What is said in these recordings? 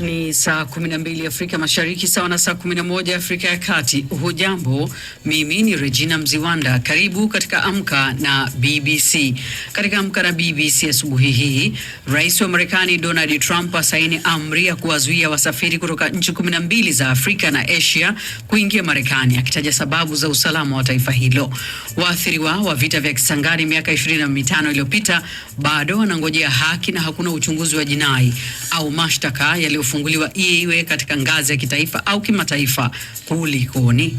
Ni saa mbili Afrika Mashariki, sawa na saa moja Afrika ya Kati. Hujambo, mimi ni Regina Mziwanda. Karibu katika Amka na BBC. Katika Amka na BBC asubuhi hii, rais wa Marekani Donald Trump asaini amri ya kuwazuia wasafiri kutoka nchi mbili za Afrika na Asia kuingia Marekani, akitaja sababu za usalama wa taifa hilo. Waathiriwa wa vita vya Kisangani miaka 25 iliyopita bado wanangojea haki na hakuna uchunguzi wa jinai au mashtaka yaliyofunguliwa iwe katika ngazi ya kitaifa au kimataifa, kulikoni?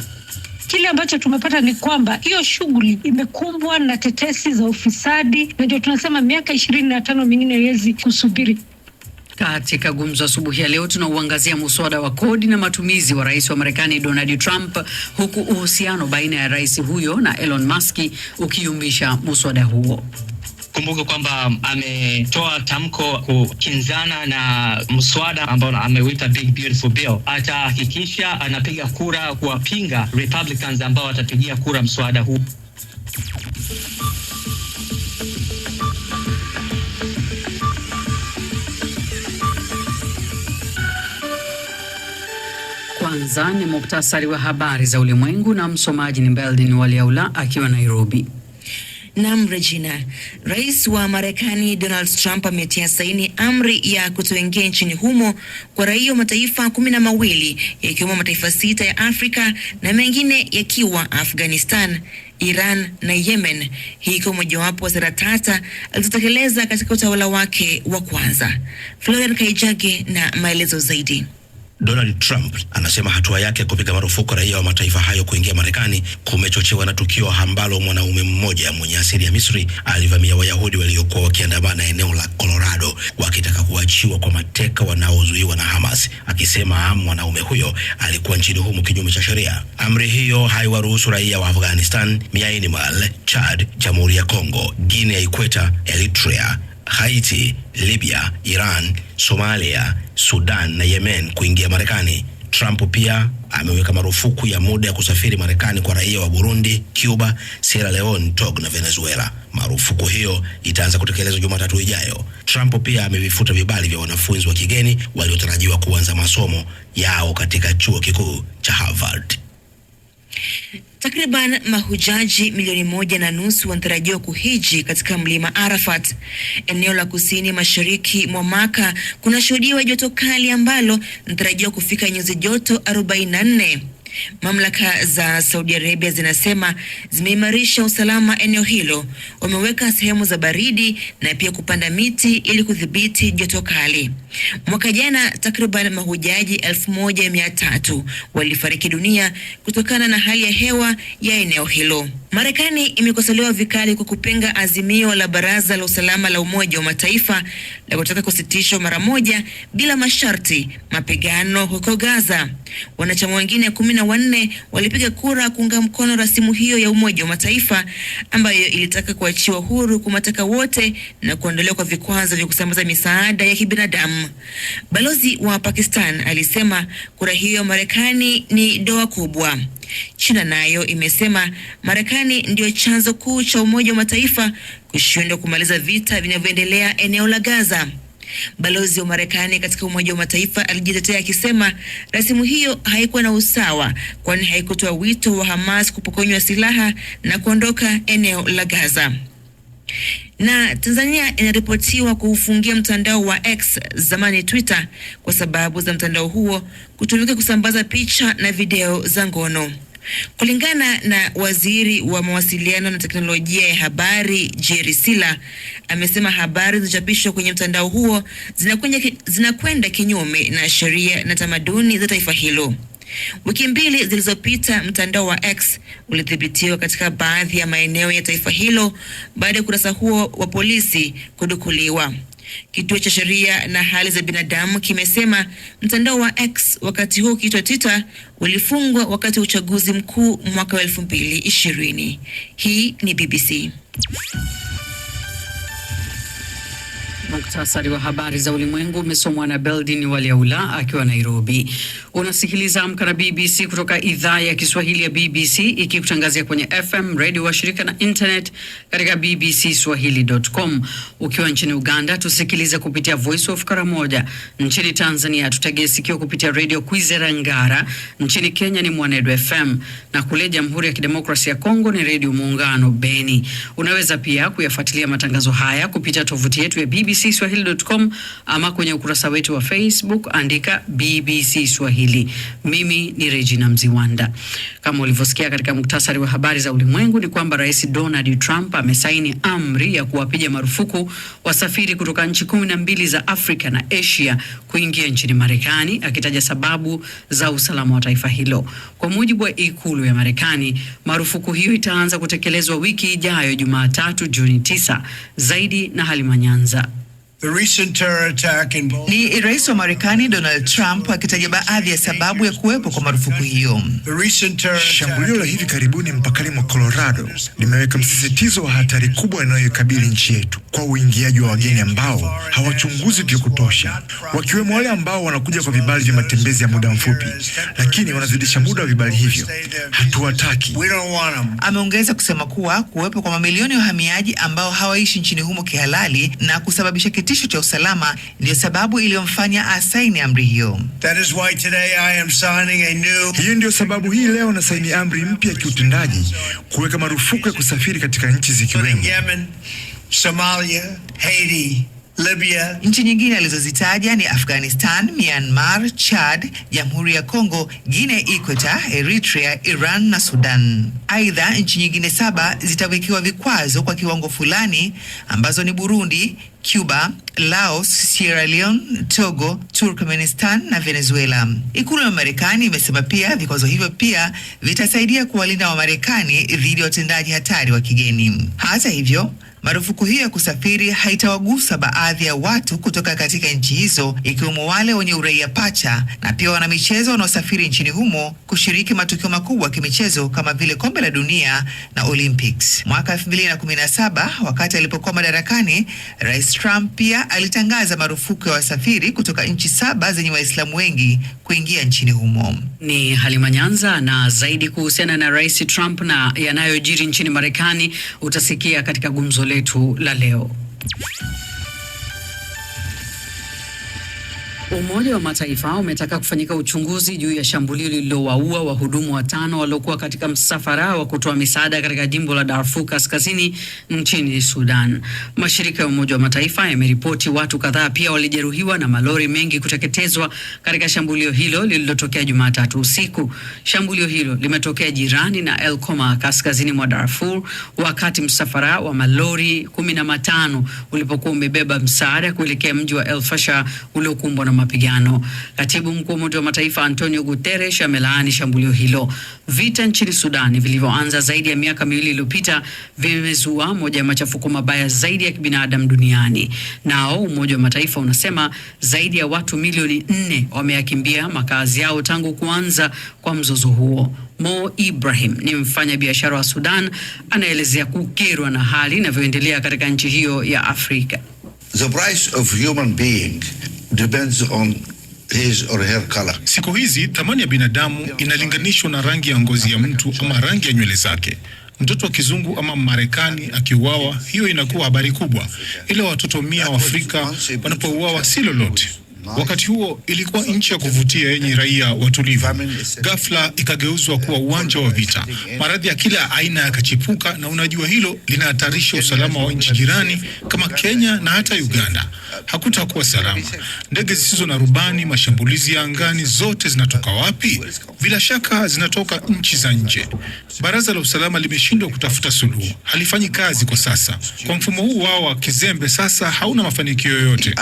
Kile ambacho tumepata ni kwamba hiyo shughuli imekumbwa na tetesi za ufisadi, na ndio tunasema miaka ishirini na tano mingine haiwezi kusubiri. Katika gumzo asubuhi ya leo tunauangazia muswada wa kodi na matumizi wa rais wa Marekani Donald Trump, huku uhusiano baina ya rais huyo na Elon Musk ukiyumbisha muswada huo. Kumbuke kwamba ametoa tamko kukinzana na mswada ambao amewita Big Beautiful Bill. Atahakikisha anapiga kura kuwapinga Republicans ambao watapigia kura mswada huu. Kwanza ni muktasari wa habari za ulimwengu na msomaji ni Beldin Waliaula akiwa Nairobi. Nam Regina. Rais wa Marekani Donald Trump ametia saini amri ya kutoingia nchini humo kwa raia wa mataifa kumi na mawili yakiwemo mataifa sita ya Afrika na mengine yakiwa Afghanistan, Iran na Yemen. Hii ikiwa mojawapo wa sera tata alizotekeleza katika utawala wake wa kwanza. Florian Kaijage na maelezo zaidi. Donald Trump anasema hatua yake ya kupiga marufuku raia wa mataifa hayo kuingia Marekani kumechochewa na tukio ambalo mwanaume mmoja mwenye asili ya Misri alivamia Wayahudi waliokuwa wakiandamana eneo la Colorado wakitaka kuachiwa kwa mateka wanaozuiwa na Hamas, akisema mwanaume huyo alikuwa nchini humo kinyume cha sheria. Amri hiyo haiwaruhusu raia wa Afghanistan, Myanmar, Chad, Jamhuri ya Kongo, Guinea Ikweta, Eritrea Haiti, Libya, Iran, Somalia, Sudan na Yemen kuingia Marekani. Trump pia ameweka marufuku ya muda ya kusafiri Marekani kwa raia wa Burundi, Cuba, Sierra Leone, Togo na Venezuela. Marufuku hiyo itaanza kutekelezwa Jumatatu ijayo. Trump pia amevifuta vibali vya wanafunzi wa kigeni waliotarajiwa kuanza masomo yao katika chuo kikuu cha Harvard. Takriban mahujaji milioni moja na nusu wanatarajiwa kuhiji katika mlima Arafat. Eneo la kusini mashariki mwa Maka kunashuhudiwa joto kali ambalo linatarajiwa kufika nyuzi joto 44. Mamlaka za Saudi Arabia zinasema zimeimarisha usalama eneo hilo, wameweka sehemu za baridi na pia kupanda miti ili kudhibiti joto kali. Mwaka jana takriban mahujaji elfu moja mia tatu walifariki dunia kutokana na hali ya hewa ya eneo hilo. Marekani imekosolewa vikali kwa kupinga azimio la Baraza la Usalama la Umoja wa Mataifa la kutaka kusitishwa mara moja bila masharti mapigano huko Gaza. Wanachama wengine kumi na wanne walipiga kura kuunga mkono rasimu hiyo ya Umoja wa Mataifa ambayo ilitaka kuachiwa huru kumateka wote na kuondolewa kwa vikwazo vya kusambaza misaada ya kibinadamu. Balozi wa Pakistan alisema kura hiyo ya Marekani ni doa kubwa. China nayo imesema Marekani ndiyo chanzo kuu cha Umoja wa Mataifa kushindwa kumaliza vita vinavyoendelea eneo la Gaza. Balozi wa Marekani katika Umoja wa Mataifa alijitetea akisema rasimu hiyo haikuwa na usawa, kwani haikutoa wito wa Hamas kupokonywa silaha na kuondoka eneo la Gaza. Na Tanzania inaripotiwa kuufungia mtandao wa X zamani Twitter kwa sababu za mtandao huo kutumika kusambaza picha na video za ngono. Kulingana na waziri wa mawasiliano na teknolojia ya habari Jerry Sila, amesema habari zilizochapishwa kwenye mtandao huo zinakwenda kinyume na sheria na tamaduni za taifa hilo. Wiki mbili zilizopita, mtandao wa X ulithibitiwa katika baadhi ya maeneo ya taifa hilo baada ya ukurasa huo wa polisi kudukuliwa. Kituo cha sheria na hali za binadamu kimesema mtandao wa X, wakati huo ukiitwa Twitter, ulifungwa wakati wa uchaguzi mkuu mwaka wa elfu mbili ishirini. Hii ni BBC. Muktasari wa habari za ulimwengu umesomwa na Beldin Waliaula akiwa Nairobi. Unasikiliza Amka na BBC kutoka idhaa ya Kiswahili ya BBC ikikutangazia kwenye FM redio wa shirika na internet katika bbcswahili.com. Ukiwa nchini Uganda tusikilize kupitia Voice of Karamoja. Nchini Tanzania tutegee sikio kupitia Radio Kwizera Ngara. Nchini Kenya ni Mwanedu FM na kule Jamhuri ya Kidemokrasia ya Kongo ni Radio Muungano Beni. Unaweza pia kuyafuatilia matangazo haya kupitia tovuti yetu ya BBC BBC Swahili.com ama kwenye ukurasa wetu wa Facebook andika BBC Swahili. Mimi ni Regina Mziwanda. Kama ulivyosikia katika muktasari wa habari za ulimwengu, ni kwamba Rais Donald Trump amesaini amri ya kuwapiga marufuku wasafiri kutoka nchi kumi na mbili za Afrika na Asia kuingia nchini Marekani, akitaja sababu za usalama wa taifa hilo. Kwa mujibu wa ikulu ya Marekani, marufuku hiyo itaanza kutekelezwa wiki ijayo Jumatatu, Juni 9. Zaidi na Halima Nyanza. Ni rais wa Marekani Donald Trump akitaja baadhi ya sababu ya kuwepo kwa marufuku hiyo. Shambulio la hivi karibuni mpakani mwa Colorado limeweka msisitizo wa hatari kubwa inayoikabili nchi yetu kwa uingiaji wa wageni ambao hawachunguzi vya kutosha, wakiwemo wale ambao wanakuja kwa vibali vya matembezi ya muda mfupi, lakini wanazidisha muda wa vibali hivyo. Hatuwataki. Ameongeza kusema kuwa kuwepo kwa mamilioni ya wahamiaji ambao hawaishi nchini humo kihalali na kusababisha kiti kitisho cha usalama ndiyo sababu iliyomfanya asaini amri hiyo. Hiyo ndiyo sababu hii leo na saini amri mpya ya kiutendaji kuweka marufuku ya kusafiri katika nchi zikiwemo Somalia, Haiti, Libya. Nchi nyingine alizozitaja ni Afghanistan, Myanmar, Chad, Jamhuri ya Kongo, Guinea Ikweta, Eritrea, Iran na Sudan. Aidha, nchi nyingine saba zitawekewa vikwazo kwa kiwango fulani ambazo ni Burundi, Cuba, Laos, Sierra Leone, Togo, Turkmenistan na Venezuela. Ikulu ya Marekani imesema pia vikwazo hivyo pia vitasaidia kuwalinda Wamarekani dhidi ya watendaji hatari wa kigeni. Hata hivyo, marufuku hiyo ya kusafiri haitawagusa baadhi ya watu kutoka katika nchi hizo ikiwemo wale wenye uraia pacha na pia wanamichezo wanaosafiri nchini humo kushiriki matukio makubwa ya kimichezo kama vile kombe la dunia na Olympics. Mwaka 2017 wakati alipokuwa madarakani Rais Trump pia alitangaza marufuku ya wasafiri kutoka nchi saba zenye Waislamu wengi kuingia nchini humo. Ni Halima Nyanza, na zaidi kuhusiana na Rais Trump na yanayojiri nchini Marekani utasikia katika gumzo letu la leo. Umoja wa Mataifa umetaka kufanyika uchunguzi juu ya shambulio lililowaua wahudumu watano waliokuwa katika msafara wa kutoa misaada katika jimbo la Darfur Kaskazini nchini Sudan. Mashirika ya Umoja wa Mataifa yameripoti watu kadhaa pia walijeruhiwa na malori mengi kuteketezwa katika shambulio hilo lililotokea Jumatatu usiku. Shambulio hilo limetokea jirani na El Koma kaskazini mwa Darfur wakati msafara wa malori kumi na matano ulipokuwa umebeba msaada kuelekea mji wa El Fasha uliokumbwa na mapigano. Katibu mkuu wa Umoja wa Mataifa Antonio Guterres amelaani shambulio hilo. Vita nchini Sudani vilivyoanza zaidi ya miaka miwili iliyopita vimezua moja ya machafuko mabaya zaidi ya kibinadamu duniani. Nao Umoja wa Mataifa unasema zaidi ya watu milioni nne wameyakimbia makazi yao tangu kuanza kwa mzozo huo. Mo Ibrahim ni mfanyabiashara wa Sudan, anaelezea kukerwa na hali inavyoendelea katika nchi hiyo ya Afrika. The price of human being depends on his or her color. Siku hizi thamani ya binadamu inalinganishwa na rangi ya ngozi ya mtu ama rangi ya nywele zake. Mtoto wa kizungu ama Marekani akiuawa, hiyo inakuwa habari kubwa, ila watoto mia wa Afrika wanapouawa si lolote. Wakati huo ilikuwa nchi ya kuvutia yenye raia watulivu, ghafla ikageuzwa kuwa uwanja wa vita. Maradhi ya kila aina yakachipuka, na unajua hilo linahatarisha usalama wa nchi jirani kama Kenya na hata Uganda hakutakuwa salama. Ndege zisizo na rubani, mashambulizi ya angani, zote zinatoka wapi? Bila shaka zinatoka nchi za nje. Baraza la usalama limeshindwa kutafuta suluhu, halifanyi kazi kwa sasa. Kwa mfumo huu wao wa kizembe, sasa hauna mafanikio yoyote.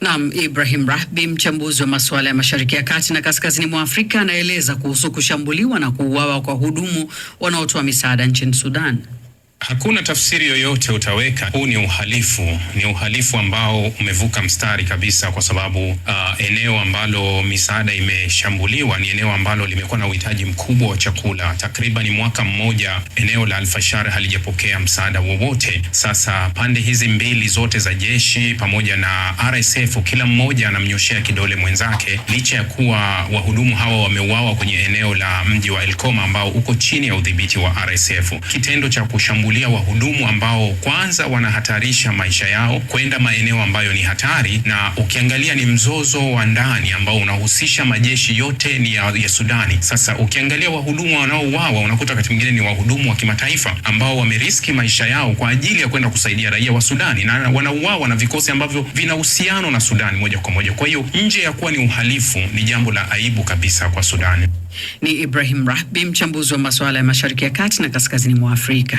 Naam, Ibrahim Rahbi, mchambuzi wa masuala ya Mashariki ya Kati na kaskazini mwa Afrika, anaeleza kuhusu kushambuliwa na kuuawa kwa hudumu wanaotoa misaada nchini Sudan. Hakuna tafsiri yoyote utaweka, huu ni uhalifu, ni uhalifu ambao umevuka mstari kabisa, kwa sababu uh, eneo ambalo misaada imeshambuliwa ni eneo ambalo limekuwa na uhitaji mkubwa wa chakula. Takriban mwaka mmoja eneo la Alfashar halijapokea msaada wowote. Sasa pande hizi mbili zote za jeshi pamoja na RSF, kila mmoja anamnyoshea kidole mwenzake, licha ya kuwa wahudumu hawa wameuawa kwenye eneo la mji wa Elkoma ambao uko chini ya udhibiti wa RSF. Kitendo cha kushambulia kuwachukulia wahudumu ambao kwanza wanahatarisha maisha yao kwenda maeneo ambayo ni hatari, na ukiangalia ni mzozo wa ndani ambao unahusisha majeshi yote ni ya, ya Sudani. Sasa ukiangalia wahudumu wanaouawa unakuta wakati mwingine ni wahudumu wa kimataifa ambao wameriski maisha yao kwa ajili ya kwenda kusaidia raia wa Sudani na wanauawa na vikosi ambavyo vina uhusiano na Sudani moja kwa moja. Kwa hiyo nje ya kuwa ni uhalifu, ni jambo la aibu kabisa kwa Sudani. Ni Ibrahim Rahbi, mchambuzi wa masuala ya Mashariki ya Kati na kaskazini mwa Afrika.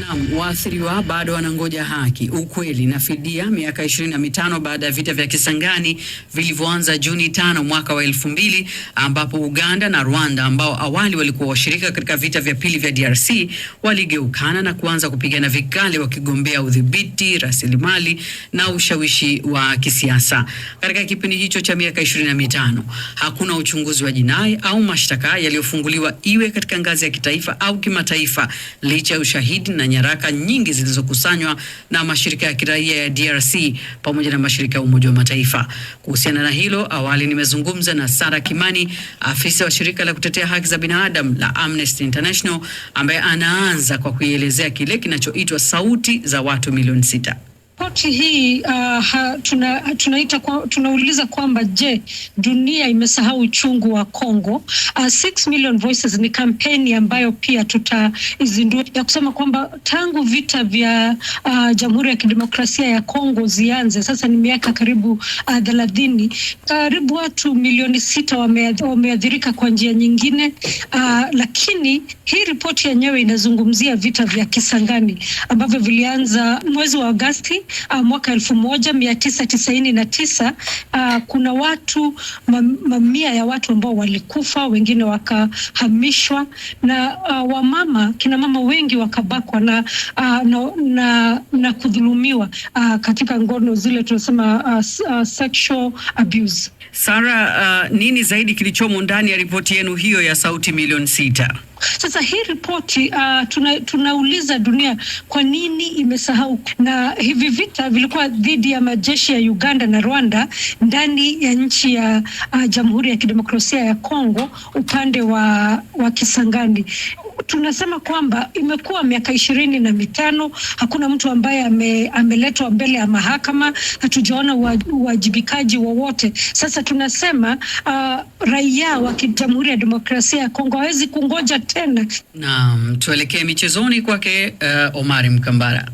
Naam, waathiriwa bado wanangoja haki, ukweli na fidia miaka ishirini na mitano baada ya vita vya Kisangani vilivyoanza Juni tano mwaka wa elfu mbili ambapo Uganda na Rwanda ambao awali walikuwa washirika katika vita vya pili vya DRC waligeukana na kuanza kupigana vikali wakigombea udhibiti, rasilimali na ushawishi wa kisiasa. Katika kipindi hicho cha miaka ishirini na mitano hakuna uchunguzi wa jinai au mashtaka yaliyofunguliwa iwe katika ngazi ya kitaifa au kimataifa licha ya ushahidi na nyaraka nyingi zilizokusanywa na mashirika ya kiraia ya DRC pamoja na mashirika ya Umoja wa Mataifa. Kuhusiana na hilo, awali nimezungumza na Sara Kimani, afisa wa shirika la kutetea haki za binadamu la Amnesty International, ambaye anaanza kwa kuielezea kile kinachoitwa sauti za watu milioni sita ripoti hii uh, tuna, tunaita kwa, tunauliza kwamba je, dunia imesahau uchungu wa Kongo? Uh, Six Million Voices ni kampeni ambayo pia tutaizindua ya kusema kwamba tangu vita vya uh, Jamhuri ya Kidemokrasia ya Kongo zianze sasa ni miaka karibu uh, thelathini uh, karibu watu milioni sita wameathirika kwa njia nyingine uh, lakini hii ripoti yenyewe inazungumzia vita vya Kisangani ambavyo vilianza mwezi wa Agasti uh, mwaka elfu moja mia tisa tisaini na tisa uh, kuna watu mamia ya watu ambao walikufa, wengine wakahamishwa na uh, ah, wamama, kina mama wengi wakabakwa na, uh, na, na, na kudhulumiwa uh, katika ngono zile tunasema uh, uh, sexual abuse. Sara, uh, nini zaidi kilichomo ndani ya ripoti yenu hiyo ya sauti milioni sita? Sasa hii ripoti uh, tuna, tunauliza dunia kwa nini imesahau, na hivi vita vilikuwa dhidi ya majeshi ya Uganda na Rwanda ndani ya nchi ya uh, Jamhuri ya Kidemokrasia ya Kongo upande wa, wa Kisangani tunasema kwamba imekuwa miaka ishirini na mitano hakuna mtu ambaye ame, ameletwa mbele ya mahakama, hatujaona uwajibikaji wowote. Sasa tunasema uh, raia wa Jamhuri ya Demokrasia ya Kongo hawezi kungoja tena. Naam, tuelekee michezoni kwake uh, Omari Mkambara.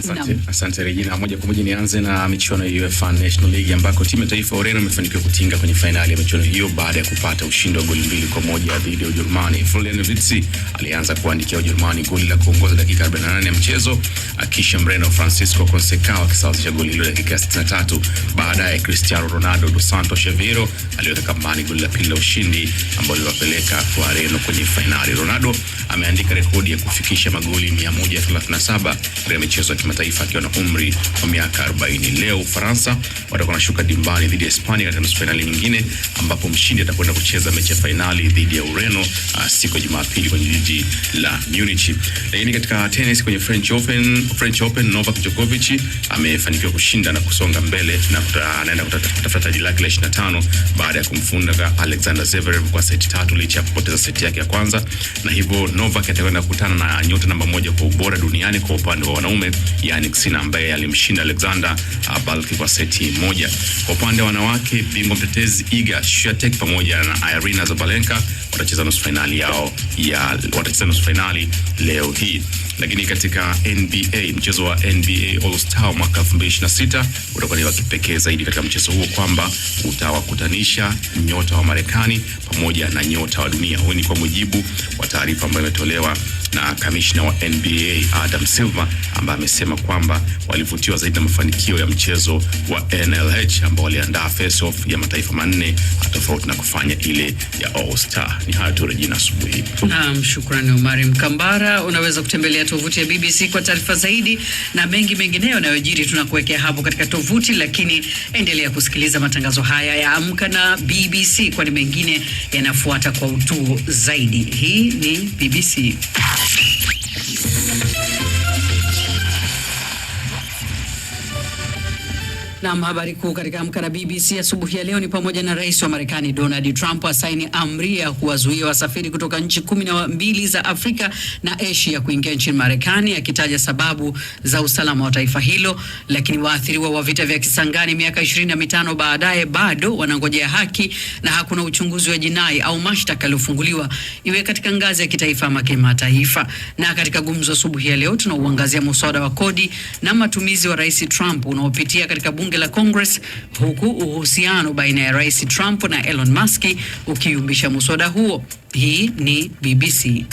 Asante, asante Regina. Moja kwa moja nianze na michuano ya UEFA National League ambako timu ya taifa Ureno imefanikiwa kutinga kwenye fainali ya michuano hiyo baada ya kupata ushindi wa goli mbili kwa moja dhidi ya Ujerumani. Florian Wirtz alianza kuandikia Ujerumani goli la kuongoza dakika 48 ya mchezo, akisha Mreno Francisco Conceição akisawazisha goli hilo dakika 63. Baadaye Cristiano Ronaldo dos Santos Aveiro aliweka kambani goli la pili la ushindi ambalo liliwapeleka kwa Ureno kwenye fainali. Ronaldo ameandika rekodi ya kufikisha magoli 137 katika michezo ya kimataifa akiwa na umri wa miaka 40. Leo Ufaransa watakuwa wanashuka dimbani dhidi ya Hispania katika nusu fainali nyingine, ambapo mshindi atakwenda kucheza mechi ya fainali dhidi ya Ureno uh, siku ya Jumapili kwenye jiji la Munich. Lakini katika tennis kwenye French Open, French Open Novak Djokovic amefanikiwa kushinda na kusonga mbele na anaenda kutafuta taji lake la 25 baada ya kumfunda Alexander Zverev kwa seti tatu licha ya kupoteza seti yake ya kwanza, na hivyo Novak atakwenda kukutana na nyota namba moja kwa ubora duniani kwa upande wa wanaume Yannick Sinner ambaye alimshinda Alexander Abalki uh, kwa seti moja. Kwa upande wa wanawake, bingwa mtetezi Iga Swiatek pamoja na Irina Zabalenka watacheza nusu fainali yao ya watacheza nusu fainali leo hii. Lakini katika NBA, mchezo wa NBA All Star mwaka 2026 utakuwa ni wa kipekee zaidi katika mchezo huo kwamba utawakutanisha nyota wa Marekani pamoja na nyota wa dunia. Huyu ni kwa mujibu wa taarifa ambayo imetolewa na kamishna wa NBA Adam Silver ambaye amesema kwamba walivutiwa zaidi na mafanikio ya mchezo wa NLH ambao waliandaa face off ya mataifa manne tofauti na kufanya ile ya All Star. Ni hayo tu, rejina asubuhi. Naam, shukrani Omari Mkambara. Unaweza kutembelea tovuti ya BBC kwa taarifa zaidi na mengi mengineyo yanayojiri, tunakuwekea hapo katika tovuti, lakini endelea kusikiliza matangazo haya ya Amka na BBC, kwani mengine yanafuata kwa utuo zaidi. Hii ni BBC. Na habari kuu katika Amka na BBC asubuhi ya leo ni pamoja na rais wa Marekani Donald Trump asaini amri ya kuwazuia wasafiri kutoka nchi kumi na mbili za Afrika na Asia kuingia nchini Marekani, akitaja sababu za usalama wa taifa hilo. Lakini waathiriwa wa vita vya Kisangani miaka ishirini na mitano baadaye bado wanangojea haki na hakuna uchunguzi wa jinai au mashtaka yaliyofunguliwa, iwe katika ngazi ya kitaifa ama kimataifa. Na katika gumzo asubuhi ya leo tunauangazia muswada wa kodi na matumizi wa rais Trump unaopitia katika bunge bunge la Congress, huku uhusiano baina ya Rais Trump na Elon Musk ukiumbisha muswada huo. Hii ni BBC.